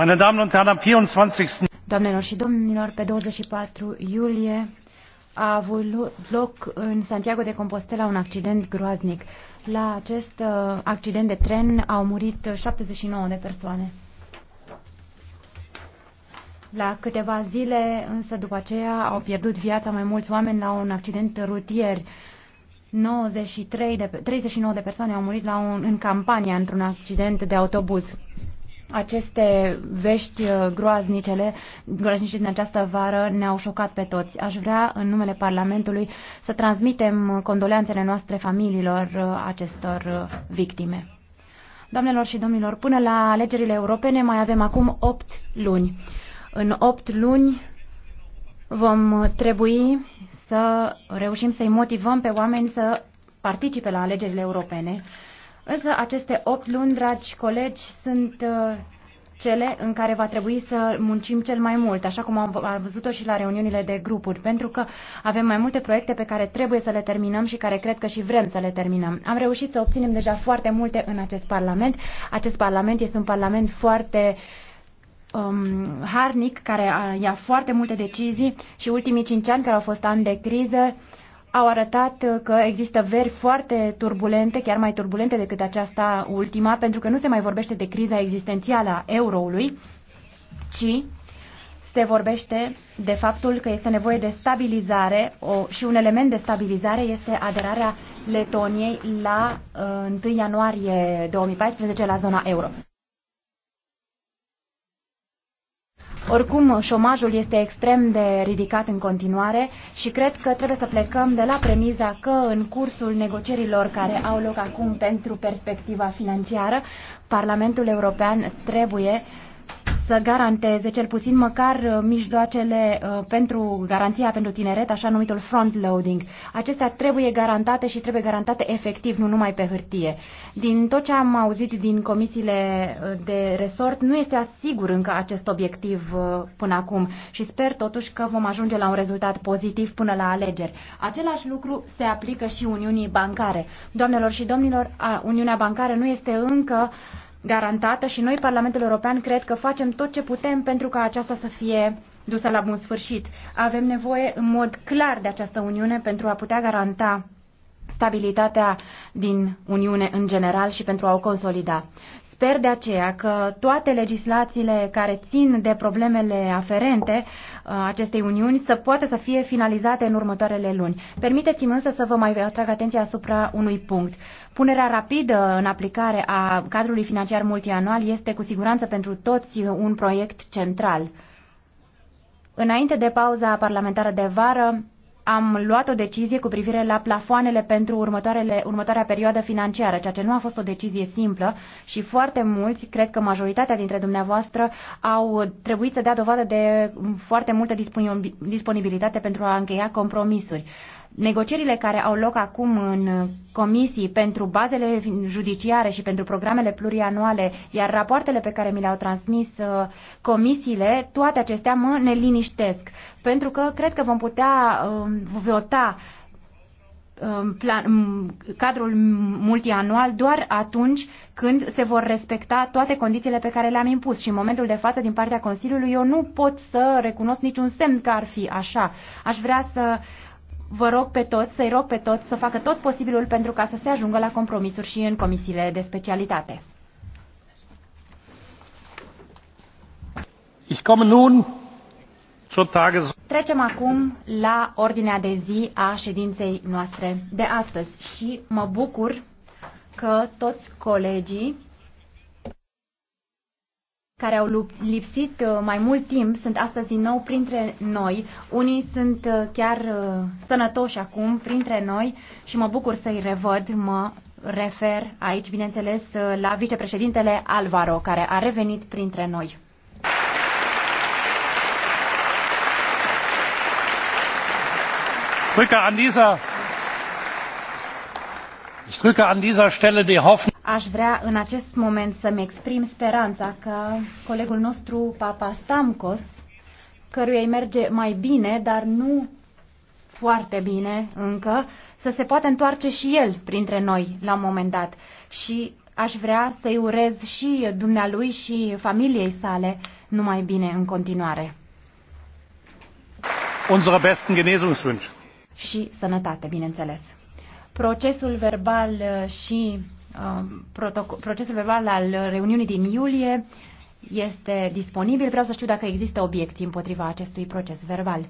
Meine Damen und Herren, am 24. Doamnelor și domnilor, pe 24 iulie a avut loc în Santiago de Compostela un accident groaznic. La acest uh, accident de tren au murit 79 de persoane. La câteva zile, însă după aceea, au pierdut viața mai mulți oameni la un accident rutier. 93 de, 39 de persoane au murit la un, în campania într-un accident de autobuz aceste vești uh, groaznicele, groaznice din această vară ne-au șocat pe toți. Aș vrea, în numele Parlamentului, să transmitem condoleanțele noastre familiilor uh, acestor uh, victime. Doamnelor și domnilor, până la alegerile europene mai avem acum 8 luni. În 8 luni vom trebui să reușim să-i motivăm pe oameni să participe la alegerile europene Însă aceste opt luni, dragi colegi, sunt uh, cele în care va trebui să muncim cel mai mult, așa cum am văzut-o și la reuniunile de grupuri, pentru că avem mai multe proiecte pe care trebuie să le terminăm și care cred că și vrem să le terminăm. Am reușit să obținem deja foarte multe în acest Parlament. Acest Parlament este un Parlament foarte um, harnic, care ia foarte multe decizii și ultimii cinci ani, care au fost ani de criză, uh, au arătat uh, că există veri foarte turbulente, chiar mai turbulente decât aceasta ultima, pentru că nu se mai vorbește de criza existențială a euroului, ci se vorbește de faptul că este nevoie de stabilizare o, și un element de stabilizare este aderarea Letoniei la uh, 1 ianuarie 2014 la zona euro. Oricum, șomajul este extrem de ridicat în continuare și cred că trebuie să plecăm de la premiza că în cursul negocierilor care au loc acum pentru perspectiva financiară, Parlamentul European trebuie să garanteze cel puțin măcar uh, mijloacele uh, pentru garanția pentru tineret, așa numitul front-loading. Acestea trebuie garantate și trebuie garantate efectiv, nu numai pe hârtie. Din tot ce am auzit din comisiile uh, de resort, nu este asigur încă acest obiectiv până acum și sper totuși că vom ajunge la un rezultat pozitiv până la alegeri. Același lucru se aplică și Uniunii Bancare. Doamnelor și domnilor, Uniunea Bancară nu este încă garantată și noi, Parlamentul European, cred că facem tot ce putem pentru ca aceasta să fie dusă la bun sfârșit. Avem nevoie în mod clar de această Uniune pentru a putea garanta stabilitatea din Uniune în general și pentru a o consolida. Sper de aceea că toate legislațiile care țin de problemele aferente uh, acestei uniuni să poată să fie finalizate în următoarele luni. Permiteți-mi însă să vă mai atrag atenția asupra unui punct. Punerea rapidă în aplicare a cadrului financiar multianual este cu siguranță pentru toți un proiect central. Înainte de pauza parlamentară de vară, am luat o decizie cu privire la plafoanele pentru următoarele, următoarea perioadă financiară, ceea ce nu a fost o decizie simplă și foarte mulți, cred că majoritatea dintre dumneavoastră, au trebuit să dea dovadă de foarte multă disponibilitate pentru a încheia compromisuri. Negocierile care au loc acum în comisii pentru bazele judiciare și pentru programele plurianuale, iar rapoartele pe care mi le-au transmis uh, comisiile, toate acestea mă neliniștesc, pentru că cred că vom putea uh, vota um, plan, um, cadrul multianual doar atunci când se vor respecta toate condițiile pe care le-am impus. Și în momentul de față, din partea Consiliului, eu nu pot să recunosc niciun semn că ar fi așa. Aș vrea să vă rog pe toți, să-i rog pe toți să facă tot posibilul pentru ca să se ajungă la compromisuri și în comisiile de specialitate. Ich komme nun zur Tagesordnung. Trecem acum la ordinea de zi a ședinței noastre de astăzi și mă bucur că toți colegii care au lipsit uh, mai mult timp sunt astăzi din nou printre noi. Unii sunt uh, chiar uh, sănătoși acum printre noi și mă bucur să-i revăd. Mă refer aici, bineînțeles, la vicepreședintele Alvaro, care a revenit printre noi. Aș vrea în acest moment să-mi exprim speranța că colegul nostru, Papa Stamkos, căruia îi merge mai bine, dar nu foarte bine încă, să se poată întoarce și el printre noi la un moment dat. Și aș vrea să-i urez și dumnealui și familiei sale numai bine în continuare. Unsere besten Genesungswünsche și sănătate, bineînțeles. Procesul verbal uh, și uh, procesul verbal al reuniunii din iulie este disponibil. Vreau să știu dacă există obiecții împotriva acestui proces verbal.